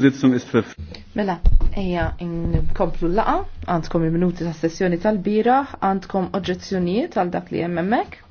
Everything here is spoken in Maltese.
Sitzung ist Mela, eja, nkomplu laqa, għandkom il-minuti ta' sessjoni tal-bira, għandkom oġġezzjonijiet għal dak li jemmemmek.